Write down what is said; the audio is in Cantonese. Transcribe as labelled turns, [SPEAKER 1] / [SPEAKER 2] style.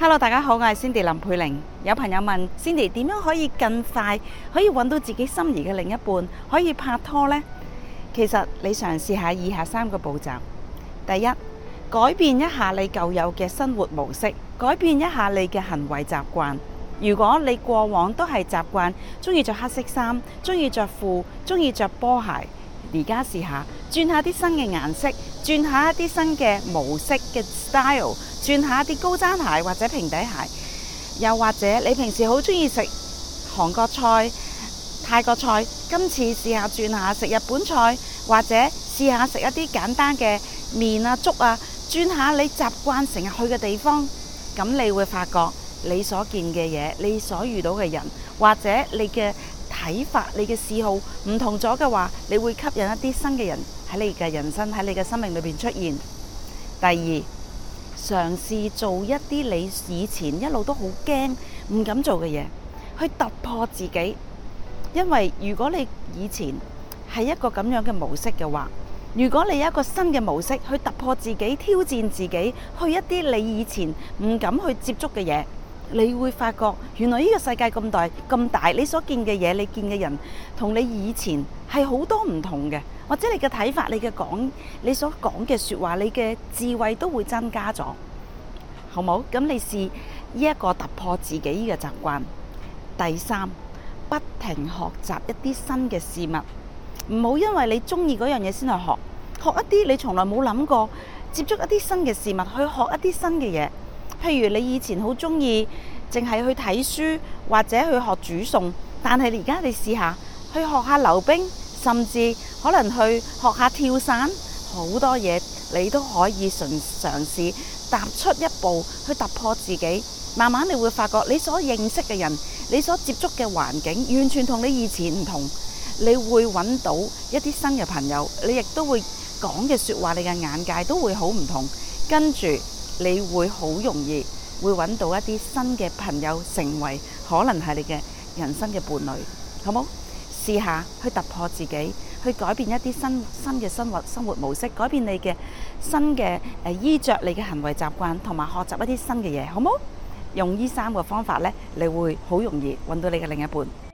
[SPEAKER 1] hello，大家好，我係 Cindy 林佩玲。有朋友問 Cindy 點樣可以更快可以揾到自己心儀嘅另一半，可以拍拖呢？其實你嘗試下以下三個步驟：第一，改變一下你舊有嘅生活模式，改變一下你嘅行為習慣。如果你過往都係習慣鍾意着黑色衫，鍾意着褲，鍾意着波鞋。而家試下轉下啲新嘅顏色，轉下一啲新嘅模式嘅 style，轉下啲高踭鞋或者平底鞋，又或者你平時好鍾意食韓國菜、泰國菜，今次試下轉下食日本菜，或者試下食一啲簡單嘅麵啊、粥啊，轉下你習慣成日去嘅地方，咁你會發覺你所見嘅嘢，你所遇到嘅人，或者你嘅睇法你嘅嗜好唔同咗嘅話，你會吸引一啲新嘅人喺你嘅人生，喺你嘅生命裏邊出現。第二，嘗試做一啲你以前一路都好驚唔敢做嘅嘢，去突破自己。因為如果你以前係一個咁樣嘅模式嘅話，如果你有一個新嘅模式去突破自己、挑戰自己，去一啲你以前唔敢去接觸嘅嘢。你會發覺原來呢個世界咁大咁大，你所見嘅嘢，你見嘅人，同你以前係好多唔同嘅，或者你嘅睇法、你嘅講、你所講嘅説話，你嘅智慧都會增加咗，好冇？咁你試呢一個突破自己嘅習慣。第三，不停學習一啲新嘅事物，唔好因為你中意嗰樣嘢先去學，學一啲你從來冇諗過，接觸一啲新嘅事物，去學一啲新嘅嘢。譬如你以前好中意淨係去睇書，或者去學煮餸，但係而家你試下去學下溜冰，甚至可能去學下跳傘。好多嘢你都可以嘗試踏出一步去突破自己。慢慢你會發覺你所認識嘅人，你所接觸嘅環境，完全同你以前唔同。你會揾到一啲新嘅朋友，你亦都會講嘅說話，你嘅眼界都會好唔同。跟住，你會好容易會揾到一啲新嘅朋友，成為可能係你嘅人生嘅伴侶，好冇？試下去突破自己，去改變一啲新新嘅生活生活模式，改變你嘅新嘅誒衣着，你嘅行為習慣，同埋學習一啲新嘅嘢，好冇？用呢三個方法呢，你會好容易揾到你嘅另一半。